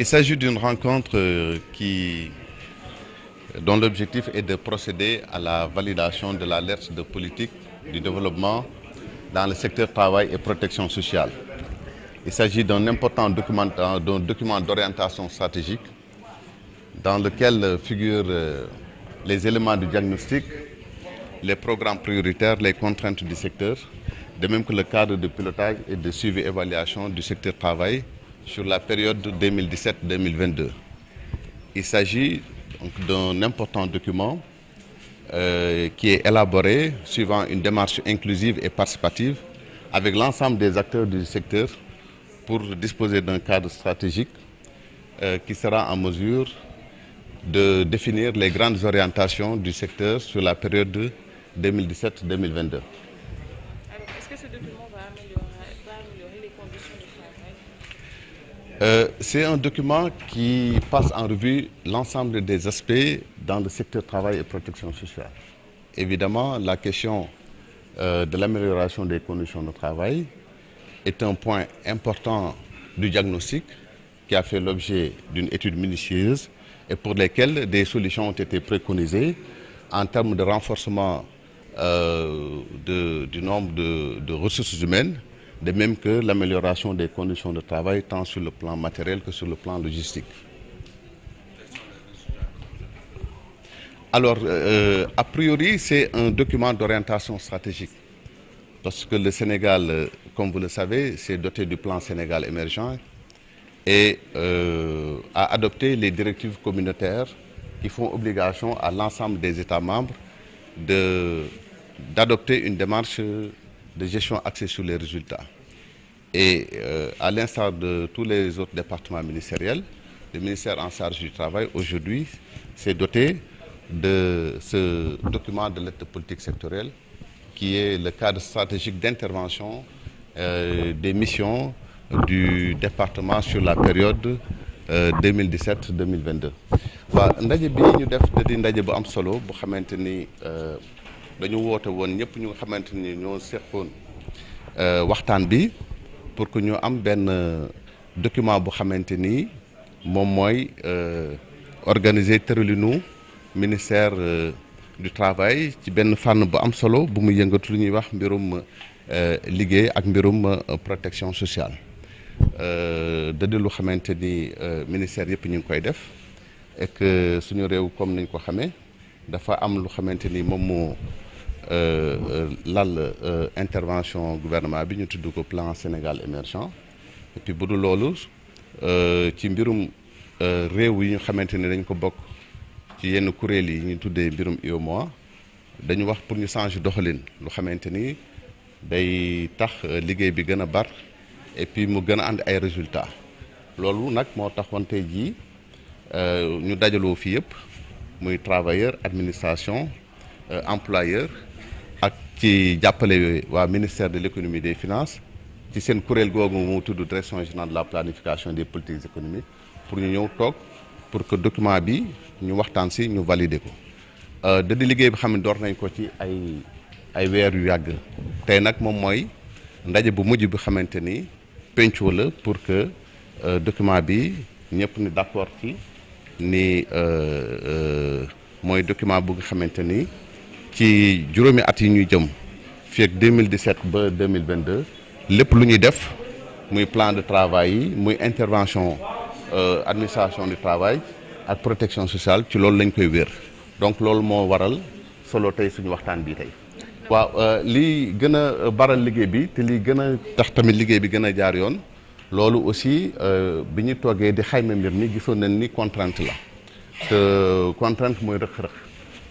Il s'agit d'une rencontre euh, qui, dont l'objectif est de procéder à la validation de l'alerte de politique du développement dans le secteur travail et protection sociale. Il s'agit d'un important document d'orientation stratégique dans lequel figurent euh, les éléments de diagnostic, les programmes prioritaires, les contraintes du secteur, de même que le cadre de pilotage et de suivi-évaluation du secteur travail sur la période 2017-2022. Il s'agit d'un important document euh, qui est élaboré suivant une démarche inclusive et participative avec l'ensemble des acteurs du secteur pour disposer d'un cadre stratégique euh, qui sera en mesure de définir les grandes orientations du secteur sur la période 2017-2022. Euh, c'est un document qui passe en revue l'ensemble des aspects dans le secteur travail et protection sociale. Évidemment, la question euh, de l'amélioration des conditions de travail est un point important du diagnostic qui a fait l'objet d'une étude minutieuse et pour lesquelles des solutions ont été préconisées en termes de renforcement euh, du nombre de ressources humaines de même que l'amélioration des conditions de travail tant sur le plan matériel que sur le plan logistique. Alors, euh, a priori, c'est un document d'orientation stratégique. Parce que le Sénégal, euh, comme vous le savez, s'est doté du plan Sénégal émergent et euh, a adopté les directives communautaires qui font obligation à l'ensemble des États membres d'adopter une démarche de gestion axée sur les résultats. Et euh, à l'instar de tous les autres départements ministériels, le ministère en charge du travail aujourd'hui s'est doté de ce document de lettre politique sectorielle qui est le cadre stratégique d'intervention euh, des missions du département sur la période 2017-2022. Euh, dañu woote woon ñëpp ñu nga xamante nii ñoo seqoon euh, waxtaan bi pour que ñoo am benn euh, document bu xamante ni moom mooy euh, organiser tëralinu ministère du travail ci benn fànn bu am solo bu mu yëngatu lu ñuy wax mbirum liggéey ak mbirum protection sociale da di lu xamante ni ministère yëpp ñu ngi koy def et suñu réew comme nañ ko xamee dafa am lu xamante ni moom moo Euh, euh, l'intervention euh, intervention gouvernement bi ñu plan Sénégal émergent et puis lolu euh ci mbirum réew yi dañ ko bok ci yenn yi ñu tuddé mbirum avons dañu wax pour ñu changer doxalin lu xamanteni day tax liggéey bi gëna bar et puis mu ay résultats tax ñu fi muy travailleur administration employeur ak ci jàppale waa ministère de l'économie économie des finances ci seen kuréel googu mu tudd direction générale de la planification des politiques économiques pour ñu ñëw toog pour que document bi ñu waxtaan si ñu valider ko da euh, di liggéey bi xam door nañ ko ci ay ay weer yu yàgg tay nak mom moy ndaje bu mujju bi xamante ni la pour que euh, document bi ñepp ni d'accord ci ni euh euh moy document bu nga ci juroomi at yi ñuy jëm fii 2017 ba 2022 lépp lu ñuy def muy plan de travail yi muy intervention euh, administration du travail ak protection sociale ci loolu lañ koy wér donc loolu moo waral solo tey suñu waxtaan bii tey. waaw euh, lii gën a baral liggéey bi te li gën a tax tamit liggéey bi gën a jaar yoon loolu aussi euh, bi ñu toogee di xayma mbir mi gisoon nañ ni contrainte la te contrainte mooy rëq-rëq.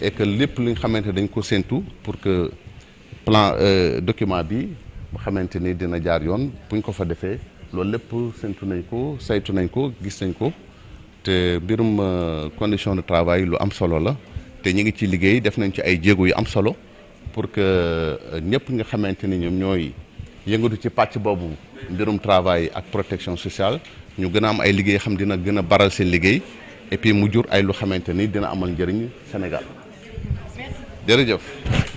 et lépp li nga xamante dañ ko séntu pour que plan euh, document bi nga xamante ni dina jaar yoon buñ ko fa defee loolu lépp séntu nañ ko saytu nañ ko gis nañ ko te mbirum euh, condition de travail lu am solo la te ñu ngi ci liggéey def nañ ci ay jéego yu am solo pour que euh, ñëpp nga xamante ni ñoom ñooy yëngatu ci pàcc boobu mbirum travail ak protection sociale ñu gën a am ay liggéey xam dina gën a baral seen liggéey et puis mu jur ay lu xamante ni dina amal njëriñ Sénégal jërëjëf